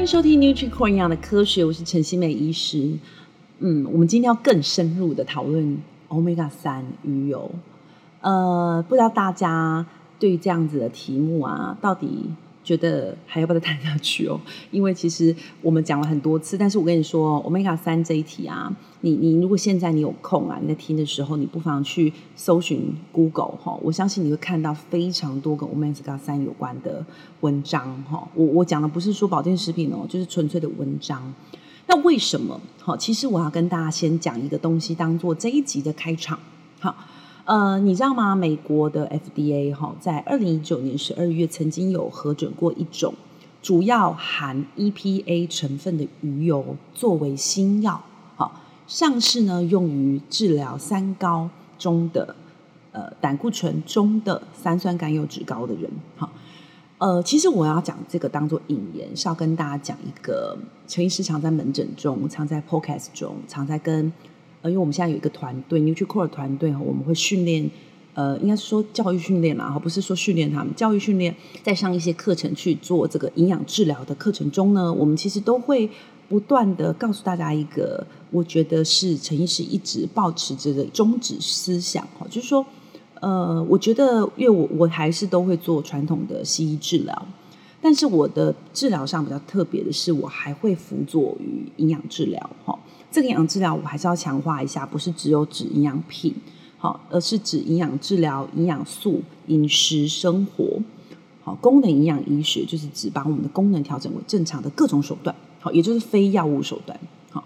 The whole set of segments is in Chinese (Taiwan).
歡迎收聽《NutriCore 的科學，我是陳欣湄醫師。嗯，我們今天要更深入地討論歐米伽三魚油。呃，不知道大家對於這樣子的題目啊，到底？覺得還要把它談下去哦，因為其實我們講了很多次，但是我跟你說，omega 三這一題啊，你你如果現在你有空啊，你在聽的時候，你不妨去搜尋 Google 哈、哦，我相信你會看到非常多跟 omega 三有關的文章哈、哦。我我講的不是說保健食品哦，就是純粹的文章。那為什麼好、哦？其實我要跟大家先講一個東西，當做這一集的開場好。哦呃，你知道嗎？美國的 FDA 哈、哦，在二零一九年十二月曾經有核准過一種主要含 EPA 成分的魚油作為新藥，哦、上市呢，用於治療三高中的呃膽固醇中的三酸甘油酯高的人、哦。呃，其實我要講這個當做引言，是要跟大家講一個，陳醫師時常在門診中、常在 podcast 中、常在跟。因為我們現在有一個團隊，NutriCore 團隊，我們會訓練，呃，應該說教育訓練啦，不是說訓練他們，教育訓練在上一些課程去做這個營養治療的課程中呢，我們其實都會不斷地告訴大家一個，我覺得是陳醫師一直保持着的宗旨思想哈，就是說，呃，我覺得因為我,我還是都會做傳統的西醫治療，但是我的治療上比較特別的是，我還會輔佐於營養治療這個營養治療我還是要強化一下，不是只有指營養品，好、哦，而是指營養治療、營養素、飲食生活，好、哦，功能營養醫學就是指把我們的功能調整為正常的各種手段，好、哦，也就是非藥物手段，好、哦。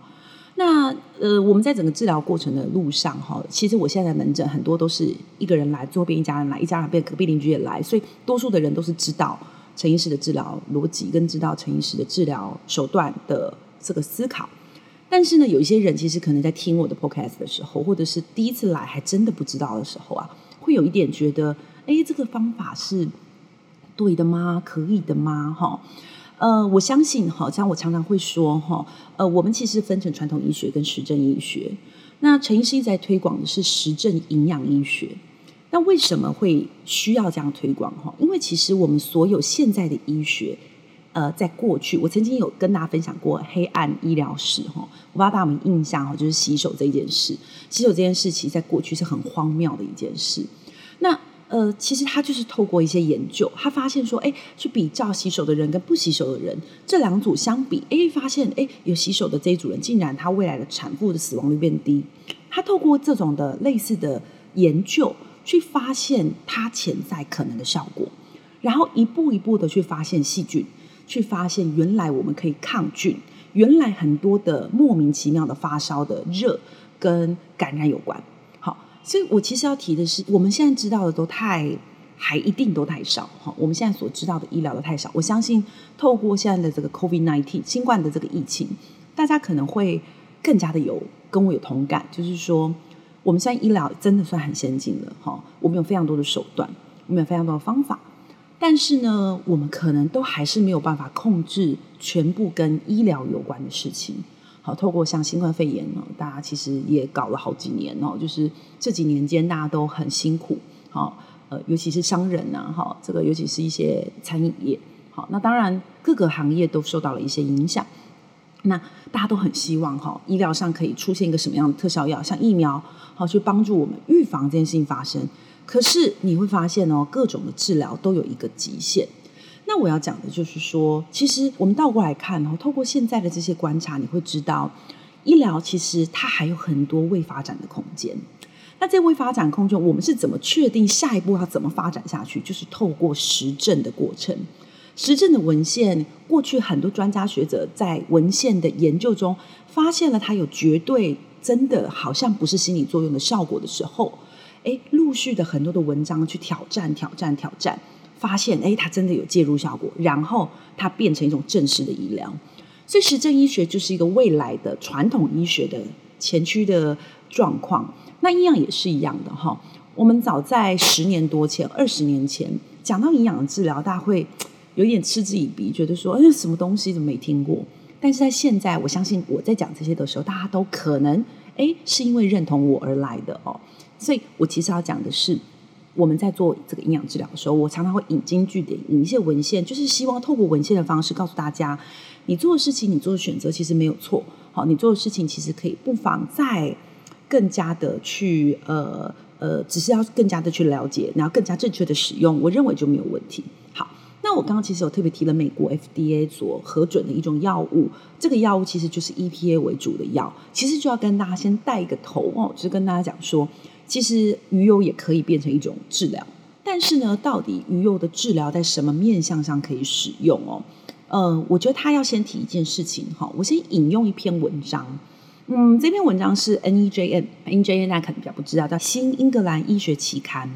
那呃，我們在整個治療過程的路上，哈、哦，其實我現在的門診很多都是一個人來，週邊一家人來，一家人被隔壁鄰居也來，所以多數的人都是知道陳醫師的治療邏輯，跟知道陳醫師的治療手段的這個思考。但是呢，有一些人其實可能在聽我的 podcast 的時候，或者是第一次來還真的不知道的時候啊，會有一點覺得，哎，這個方法是對的嗎？可以的嗎？哈、哦，呃，我相信哈，像我常常會說哈，呃，我們其實分成傳統醫學跟實證醫學。那陳醫師一直在推廣的是實證營養醫學，那為什麼會需要這樣推廣哈？因為其實我們所有現在的醫學。呃，在過去，我曾經有跟大家分享過黑暗醫療史哈。我不知道大家有沒有印象哈，就是洗手這件事。洗手這件事其實在過去是很荒謬的一件事。那呃，其實他就是透過一些研究，他發現說，哎，去比較洗手的人跟不洗手的人這兩組相比，哎，發現哎，有洗手的這一組人，竟然他未來的產婦的死亡率變低。他透過這種的類似的研究，去發現它潛在可能的效果，然後一步一步的去發現細菌。去發現原來我們可以抗菌，原來很多的莫名其妙的發燒的熱跟感染有關。好，所以我其實要提的是，我們現在知道的都太還一定都太少哈。我們現在所知道的醫療的太少，我相信透過現在的這個 COVID-19 新冠的這個疫情，大家可能會更加的有跟我有同感，就是說我們現在醫療真的算很先進了哈。我們有非常多的手段，我們有非常多的方法。但是呢，我們可能都還是沒有辦法控制全部跟醫療有關的事情。好，透過像新冠肺炎哦，大家其實也搞了好幾年哦，就是這幾年間大家都很辛苦。好、哦，呃，尤其是商人吶、啊，哈、哦，這個尤其是一些餐飲業。好，那當然各個行業都受到了一些影響。那大家都很希望哈、哦，醫療上可以出現一個什麼樣的特效藥，像疫苗，好、哦，去幫助我們預防這件事情發生。可是你會發現哦，各種的治療都有一個極限。那我要講的就是說，其實我們倒過來看哦，透過現在的這些觀察，你會知道醫療其實它還有很多未發展的空間。那在未發展空間，我們是怎麼確定下一步要怎麼發展下去？就是透過實證的過程。實證的文獻，過去很多專家學者在文獻的研究中，發現了它有絕對真的好像不是心理作用的效果的時候。哎，陸續的很多的文章去挑戰、挑戰、挑戰，發現哎，它真的有介入效果，然後它變成一種正式的醫療。所以，實證醫學就是一個未來的傳統醫學的前驅的狀況。那營養也是一樣的哈、哦。我們早在十年多前、二十年前講到營養治療，大家會有點嗤之以鼻，覺得說哎，什麼東西怎麼沒聽過？但是在現在，我相信我在講這些的時候，大家都可能哎，是因為認同我而來的哦。所以我其實要講的是，我們在做這個營養治療的時候，我常常會引經據典，引一些文獻，就是希望透過文獻的方式告訴大家，你做的事情，你做的選擇其實沒有錯，好，你做的事情其實可以不妨再更加的去呃呃，只是要更加的去了解，然後更加正確的使用，我認為就沒有問題。好，那我剛剛其實有特別提了美國 FDA 所核准的一種藥物，這個藥物其實就是 EPA 為主的藥，其實就要跟大家先帶一個頭哦，就是跟大家講說。其實魚油也可以變成一種治療，但是呢，到底魚油的治療在什麼面向上可以使用哦？嗯，我覺得他要先提一件事情哈，我先引用一篇文章。嗯，這篇文章是 NEJM，NEJM，大家可能比較不知道，叫《新英格蘭醫學期刊》，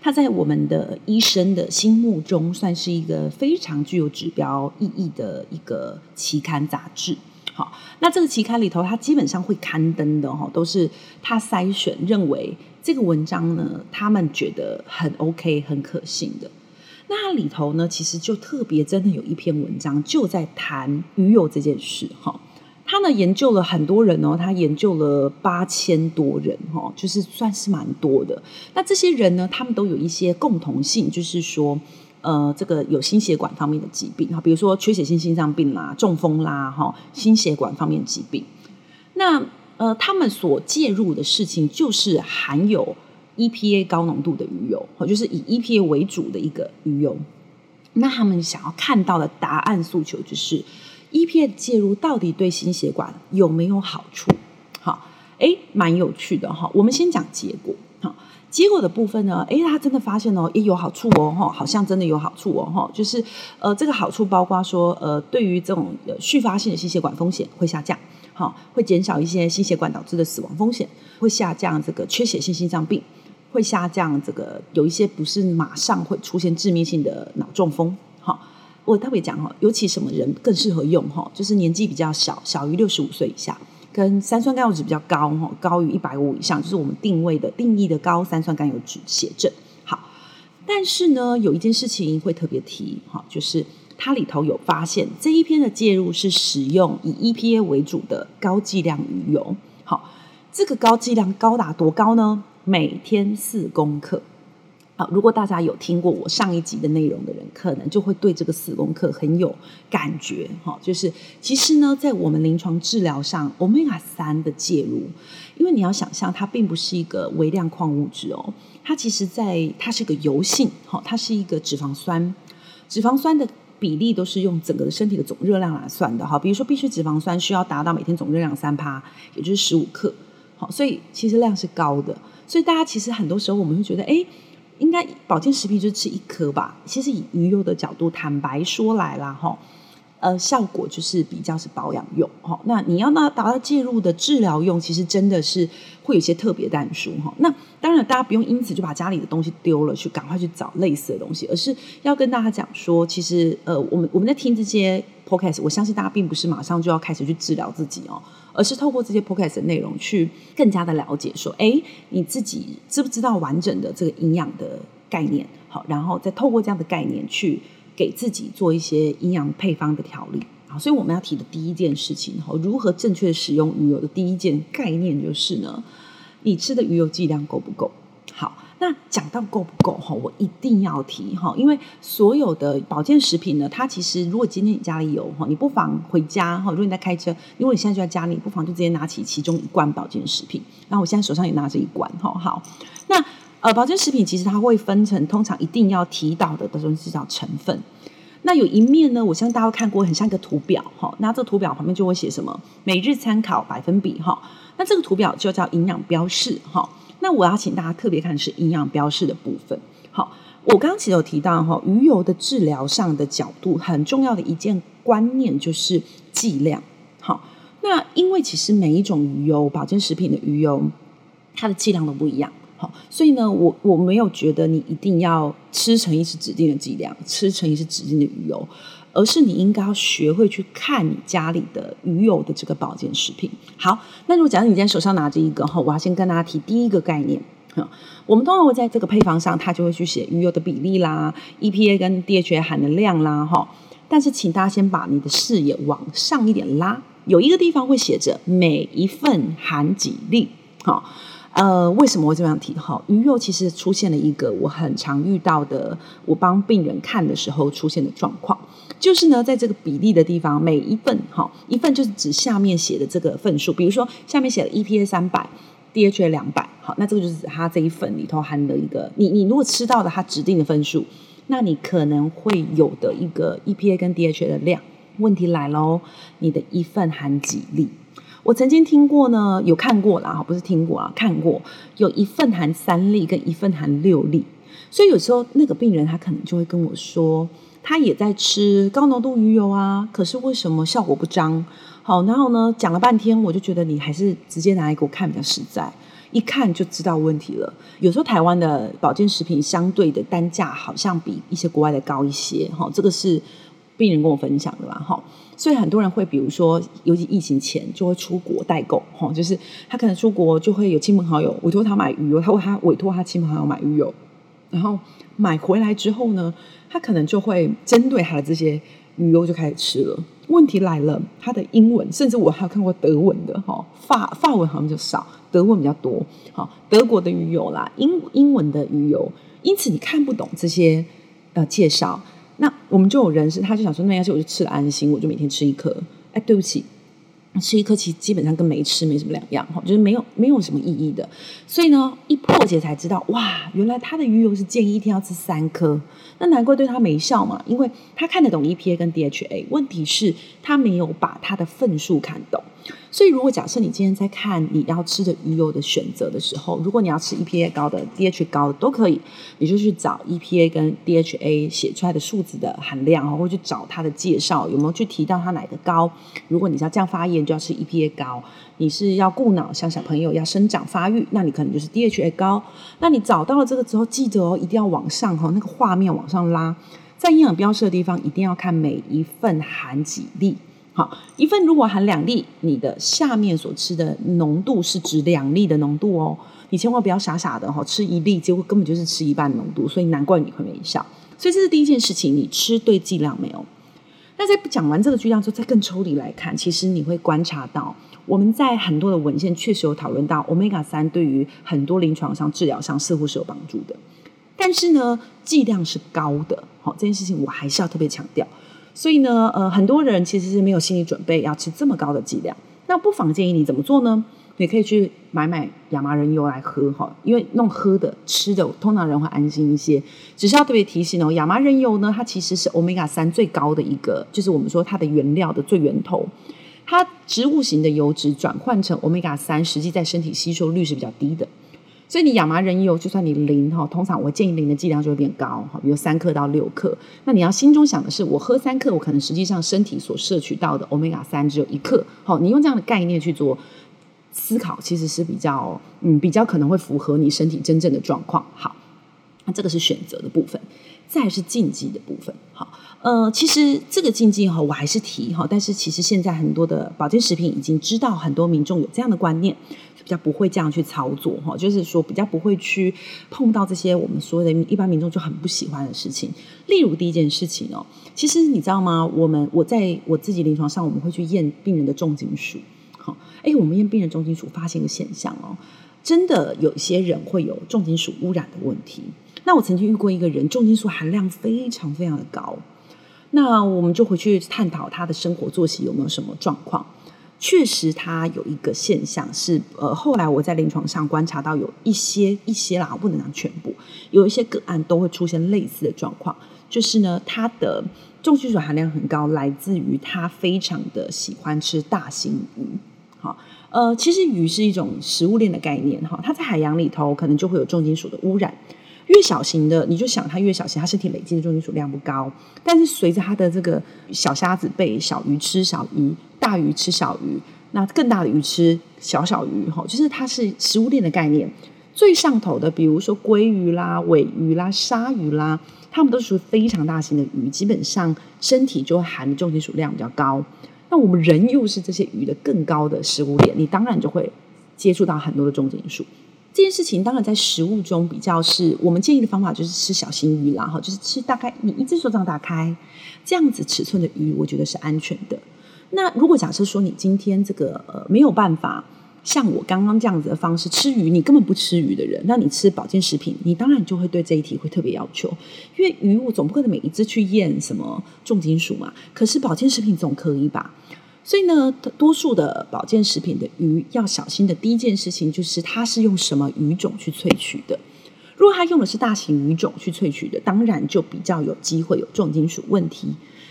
它在我們的醫生的心目中算是一個非常具有指標意義的一個期刊雜誌。好，那這個期刊裡頭，他基本上會刊登的，都是他篩選認為這個文章呢，他們覺得很 OK、很可信的。那它裡頭呢，其實就特別真的有一篇文章，就在談魚油這件事哈。他呢研究了很多人哦，他研究了八千多人，就是算是蠻多的。那這些人呢，他們都有一些共同性，就是說。呃，這個有心血管方面的疾病哈，比如說缺血性心臟病啦，啊、中風啦，哈，心血管方面疾病。那呃，他們所介入的事情就是含有 EPA 高濃度的魚油，或就是以 EPA 為主的一個魚油。那他們想要看到的答案訴求就是，EPA 介入到底對心血管有沒有好處？好，哦，誒，蠻有趣的哈，哦。我們先講結果。結果的部分呢？哎，他真的發現呢、哦、也有好處哦，好像真的有好處哦，就是呃，這個好處包括說，呃，對於這種呃，續發性的心血管風險會下降，好，會減少一些心血管導致的死亡風險，會下降這個缺血性心臟病，會下降這個有一些不是馬上會出現致命性的腦中風，好、哦，我特別講哦，尤其什麼人更適合用哈，就是年紀比較小，小於六十五歲以下。跟三酸甘油酯比較高，吼，高於一百五以上，就是我們定位的定義的高三酸甘油酯血症。好，但是呢，有一件事情會特別提，哈，就是它裡頭有發現這一篇的介入是使用以 EPA 為主的高劑量魚油，好，這個高劑量高達多高呢？每天四公克。好，如果大家有聽過我上一集的內容的人，可能就會對這個四宮格很有感覺。哈，就是其實呢，在我們臨床治療上，歐米伽三的介入，因為你要想象它並不是一個微量礦物質哦，它其實在，在它是一個油性，哈，它是一個脂肪酸，脂肪酸的比例都是用整個身體的總熱量來算的，哈。比如說必需脂肪酸需要達到每天總熱量三趴，也就是十五克，好，所以其實量是高的，所以大家其實很多時候我們會覺得，哎。應該保健食品就吃一顆吧。其實以魚油的角度，坦白說來啦，哈。呃，效果就是比較是保養用，那你要那達到介入的治療用，其實真的是會有些特別但書哈。那當然，大家不用因此就把家裡的東西丟了去，去趕快去找類似的東西，而是要跟大家講說，其實呃我，我們在聽這些 podcast，我相信大家並不是馬上就要開始去治療自己哦，而是透過這些 podcast 的內容去更加的了解說，哎、欸，你自己知不知道完整的這個營養的概念？然後再透過這樣的概念去。給自己做一些營養配方的調理，所以我們要提的第一件事情，如何正確使用魚油的第一件概念就是呢，你吃的魚油劑量夠不夠？好，那講到夠不夠哈，我一定要提哈，因為所有的保健食品呢，它其實如果今天你家裡有哈，你不妨回家哈，如果你在開車，如果你現在就在家裡，不妨就直接拿起其中一罐保健食品，那我現在手上也拿着一罐哈，好，那。呃，保健食品其實它會分成，通常一定要提到的東西叫成分。那有一面呢，我相信大家都看過，很像一個圖表，哈。那這個圖表旁邊就會寫什麼？每日參考百分比，哈。那這個圖表就叫營養標示，哈。那我要請大家特別看的是營養標示的部分。好，我剛剛其實有提到，哈，魚油的治療上的角度，很重要的一件觀念就是劑量。好，那因為其實每一種魚油，保健食品的魚油，它的劑量都不一樣。所以呢，我我沒有覺得你一定要吃成一次指定的劑量，吃成一次指定的魚油，而是你應該要學會去看你家裡的魚油的這個保健食品。好，那如果假如你今天手上拿着一個哈，我要先跟大家提第一個概念哈，我們通常在這個配方上，它就會去寫魚油的比例啦，EPA 跟 DHA 含的量啦哈，但是請大家先把你的視野往上一點拉，有一個地方會寫着每一份含幾粒呃，為什麼會這樣提？哈，魚油其實出現了一個我很常遇到的，我幫病人看的時候出現的狀況，就是呢，在這個比例的地方，每一份，哈，一份就是指下面寫的這個份數，比如說下面寫了 EPA 三百，DHA 兩百，好，那這個就是指它這一份裡頭含的一個，你你如果吃到的它指定的份數，那你可能會有的一個 EPA 跟 DHA 的量，問題來嘍，你的一份含幾粒？我曾經聽過呢，有看過了哈，不是聽過啊，看過有一份含三粒跟一份含六粒，所以有時候那個病人他可能就會跟我說，他也在吃高濃度魚油啊，可是為什麼效果不彰？好，然後呢，講了半天，我就覺得你還是直接拿來給我看比較實在，一看就知道問題了。有時候台灣的保健食品相對的單價好像比一些國外的高一些，哈、哦，這個是病人跟我分享的嘛，哈、哦。所以很多人會，比如說，尤其疫情前，就會出國代購，哈、哦，就是他可能出國就會有親朋好友委託他買魚油，他會他委託他親朋好友買魚油，然後買回來之後呢，他可能就會針對他的這些魚油就開始吃了。問題來了，他的英文，甚至我還有看過德文的，哈、哦，法法文好像就少，德文比較多，哦、德國的魚油啦，英英文的魚油，因此你看不懂這些呃介紹。那我們就有人是，他就想說，那要是我就吃的安心，我就每天吃一顆。哎，對不起，吃一顆其實基本上跟沒吃沒什麼兩樣，就是沒有沒有什麼意義的。所以呢，一破解才知道，哇，原來他的魚油是建議一天要吃三顆，那難怪對他沒效嘛，因為他看得懂 EPA 跟 DHA，問題是他沒有把他的份數看懂。所以，如果假設你今天在看你要吃的魚油的選擇的時候，如果你要吃 EPA 高的、DHA 高的都可以，你就去找 EPA 跟 DHA 寫出來的數字的含量，然後或者去找它的介紹有沒有去提到它哪個高。如果你是要這樣發炎，就要吃 EPA 高；你是要顧腦，像小朋友要生長發育，那你可能就是 DHA 高。那你找到了這個之後，記得哦，一定要往上哈，那個畫面往上拉，在營養標示的地方一定要看每一份含幾粒。好，一份如果含兩粒，你的下面所吃的濃度是指兩粒的濃度哦。你千萬不要傻傻的哈吃一粒，結果根本就是吃一半濃度，所以難怪你會沒效。所以這是第一件事情，你吃對劑量沒有？那在講完這個劑量之後，再更抽離來看，其實你會觀察到，我們在很多的文獻確實有討論到 Omega 3對於很多臨床上治療上似乎是有幫助的，但是呢，劑量是高的。好，哦，這件事情我還是要特別強調。所以呢，呃，很多人其實是沒有心理準備要吃這麼高的劑量。那不妨建議你怎麼做呢？你可以去買買亞麻仁油來喝齁，因為弄喝的、吃的，通常人會安心一些。只是要特別提醒哦，亞麻仁油呢，它其實是 Omega 3最高的一個，就是我們說它的原料的最源頭。它植物型的油脂轉換成 Omega 3，實際在身體吸收率是比較低的。所以你亞麻仁油就算你零哈，通常我建議零的劑量就會變高哈，比如三克到六克。那你要心中想的是，我喝三克，我可能實際上身體所攝取到的歐米伽三只有一克。好，你用這樣的概念去做思考，其實是比較嗯比較可能會符合你身體真正的狀況。好，那這個是選擇的部分，再是禁忌的部分。好，呃，其實這個禁忌哈，我還是提哈，但是其實現在很多的保健食品已經知道很多民眾有這樣的觀念。比較不會這樣去操作哈，就是說比較不會去碰到這些我們所有的一般民眾就很不喜歡的事情。例如第一件事情哦，其實你知道嗎？我們我在我自己臨床上，我們會去驗病人的重金屬。好，哎，我們驗病人重金屬，發現一個現象哦，真的有一些人會有重金屬污染的問題。那我曾經遇過一個人，重金屬含量非常非常的高。那我們就回去探討他的生活作息有沒有什麼狀況。確實，它有一個現象是，呃，後來我在臨床上觀察到有一些、一些啦，我不能講全部，有一些個案都會出現類似的狀況，就是呢，它的重金屬含量很高，來自於它非常的喜歡吃大型魚。哈、哦，呃，其實魚是一種食物鏈的概念，哈，它在海洋裡頭可能就會有重金屬的污染。越小型的，你就想它越小型，它身體累積的重金屬量不高，但是隨着它的這個小蝦子被小魚吃，小魚。大魚吃小魚，那更大的魚吃小小魚，哈，就是它是食物鏈的概念。最上頭的，比如說鮭魚啦、鮪魚啦、鯊魚啦，它們都是屬於非常大型的魚，基本上身體就會含的重金屬量比較高。那我們人又是這些魚的更高的食物鏈，你當然就會接觸到很多的重金屬。這件事情當然在食物中比較是，是我們建議的方法就是吃小型魚啦，哈，就是吃大概你一隻手掌打開這樣子尺寸的魚，我覺得是安全的。那如果假設說你今天這個呃沒有辦法像我剛剛這樣子的方式吃魚，你根本不吃魚的人，那你吃保健食品，你當然就會對這一題會特別要求，因為魚我總不可能每一只去驗什麼重金屬嘛，可是保健食品總可以吧？所以呢，多數的保健食品的魚要小心的第一件事情就是它是用什麼魚種去萃取的。如果他用的是大型魚種去萃取的，當然就比較有機會有重金屬問題。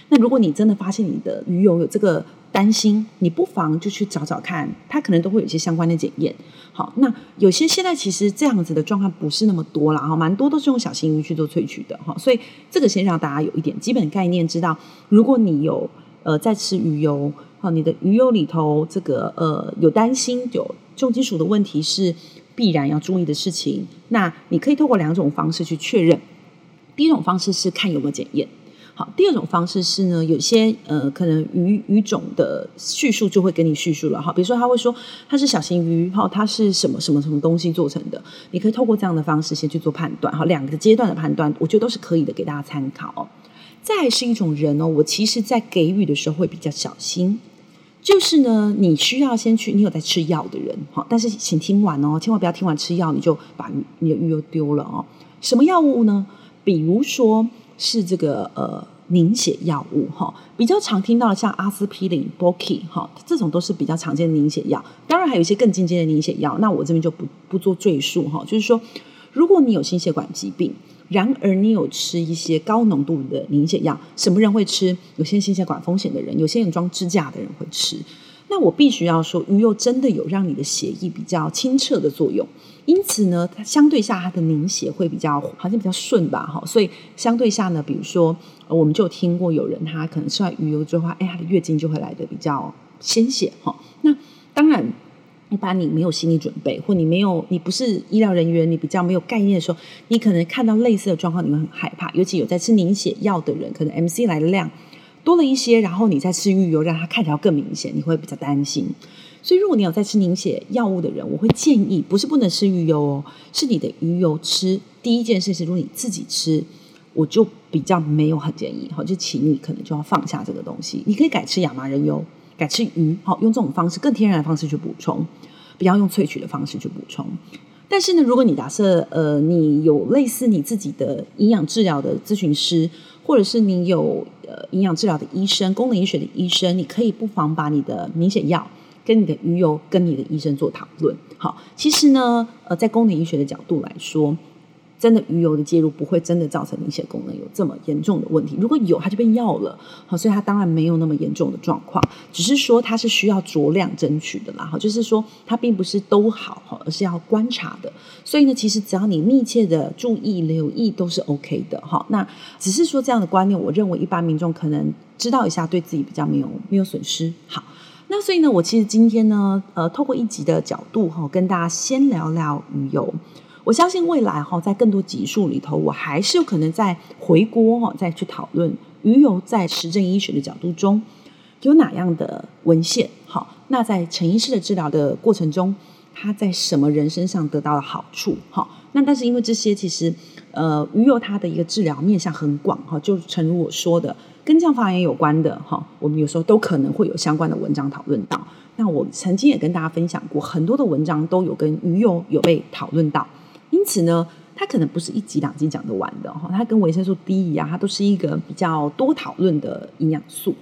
那如果你真的發現你的魚油有這個擔心，你不妨就去找找看，他可能都會有一些相關的檢驗。好，那有些現在其實這樣子的狀況不是那麼多了，哈，蠻多都是用小型魚去做萃取的，哈，所以這個先讓大家有一點基本概念，知道如果你有呃在吃魚油，哦，你的魚油裡頭這個呃有擔心有重金屬的問題是必然要注意的事情，那你可以透過兩種方式去確認。第一種方式是看有沒有檢驗，好；第二種方式是呢，有些呃可能魚魚種的敘述就會給你敘述了哈，比如說他會說它是小型魚，哈，它是什麼什麼什麼東西做成的，你可以透過這樣的方式先去做判斷哈。兩個階段的判斷，我覺得都是可以的，給大家參考。再是一種人哦，我其實在給予的時候會比較小心。就是呢，你需要先去，你有在吃藥的人，哈，但是請聽完哦，千萬不要聽完吃藥你就把你的魚油丟了哦。什麼藥物呢？比如說是這個呃凝血藥物哈、哦，比較常聽到的像阿司匹林、Bokey 哈，這種都是比較常見的凝血藥，當然還有一些更進階的凝血藥，那我這邊就不不做贅述哈、哦。就是說，如果你有心血管疾病。然而，你有吃一些高濃度的凝血藥，什麼人會吃？有些心血管風險的人，有些人裝支架的人會吃。那我必須要說，魚油真的有讓你的血液比較清澈的作用。因此呢，它相對下它的凝血會比較，好像比較順吧？哈、哦，所以相對下呢，比如說，我們就聽過有人他可能吃完魚油之後，哎，他的月經就會來得比較鮮血哈、哦。那當然。一般你沒有心理準備，或你沒有你不是醫療人員，你比較沒有概念的時候，你可能看到類似的狀況，你們很害怕。尤其有在吃凝血藥的人，可能 MC 來的量多了一些，然後你再吃魚油，讓它看起來更明顯，你會比較擔心。所以，如果你有在吃凝血藥物的人，我會建議，不是不能吃魚油哦，是你的魚油吃第一件事是，如果你自己吃，我就比較沒有很建議，好，就請你可能就要放下這個東西，你可以改吃亞麻仁油。改吃魚，好，用這種方式，更天然的方式去補充，不要用萃取的方式去補充。但是呢，如果你打算呃，你有類似你自己的營養治療的諮詢師，或者是你有呃營養治療的醫生、功能醫學的醫生，你可以不妨把你的明顯藥跟你的魚油跟你的醫生做討論。好，其實呢，呃，在功能醫學的角度來說，真的魚油的介入不會真的造成凝血功能有這麼嚴重的問題，如果有它就變藥了，好，所以它當然沒有那麼嚴重的狀況，只是說它是需要酌量爭取的啦，就是說它並不是都好，而是要觀察的。所以呢，其實只要你密切的注意留意都是 OK 的哈。那只是說這樣的觀念，我認為一般民眾可能知道一下，對自己比較沒有沒有損失。好，那所以呢，我其實今天呢，呃，透過一集的角度哈，跟大家先聊聊魚油。我相信未來哈，在更多集數裡頭，我還是有可能再回鍋哈，再去討論魚油在實證醫學的角度中有哪樣的文獻。好，那在陳醫師的治療的過程中，他在什麼人身上得到了好處。好，那但是因為這些其實呃，魚油它的一個治療面向很廣哈，就誠如我說的，跟這方面有關的哈，我們有時候都可能會有相關的文章討論到。那我曾經也跟大家分享過很多的文章都有跟魚油有被討論到。因此呢，它可能不是一集兩集講得完的哈。它跟維生素 D 一樣，它都是一個比較多討論的營養素。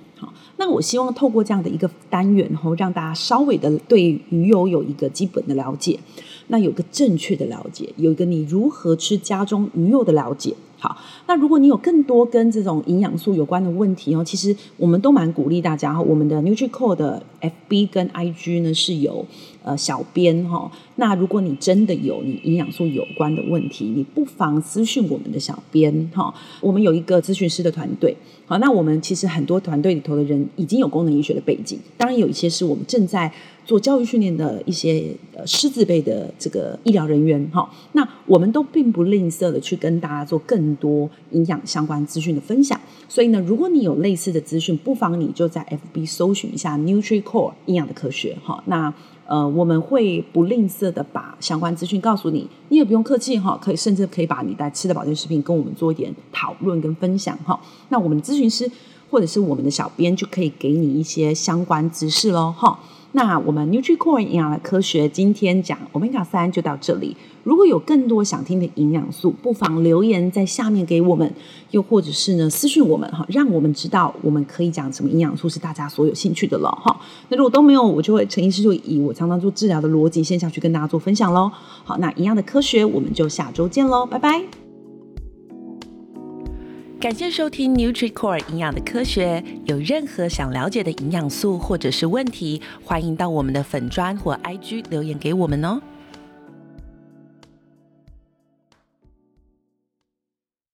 那我希望透過這樣的一個單元哈，讓大家稍微的對於魚油有一個基本的了解，那有一個正確的了解，有一個你如何吃家中魚油的了解。好，那如果你有更多跟這種營養素有關的問題哦，其實我們都蠻鼓勵大家，我們的 NutriCore 的 FB 跟 IG 呢是有。呃，小編哈、哦，那如果你真的有你營養素有關的問題，你不妨諮詢我們的小編哈、哦。我們有一個諮詢師的團隊，好，那我們其實很多團隊裡頭的人已經有功能醫學的背景，當然有一些是我們正在做教育訓練的一些呃師字輩的這個醫療人員哈、哦。那我們都並不吝嗇地去跟大家做更多營養相關資訊的分享，所以呢，如果你有類似的資訊，不妨你就在 FB 搜尋一下 NutriCore 營養的科學哈、哦。那呃，我們會不吝嗇的把相關資訊告訴你，你也不用客氣哈，可以甚至可以把你在吃的保健食品跟我們做一點討論跟分享哈。那我們諮詢師或者是我們的小編就可以給你一些相關知識嘍哈。那我們 NutriCore 營養的科學今天講 Omega 三就到這裡。如果有更多想聽的營養素，不妨留言在下面給我們，又或者是呢私訊我們哈、哦，讓我們知道我們可以講什麼營養素是大家所有興趣的了哈。那如果都沒有，我就會陳醫師就以我常常做治療的邏輯線下去跟大家做分享嘍。好，那營養的科學我們就下週見嘍，拜拜。感謝收聽 NutriCore 營養的科學。有任何想了解的營養素或者是問題，歡迎到我們的粉專或 IG 留言給我們哦。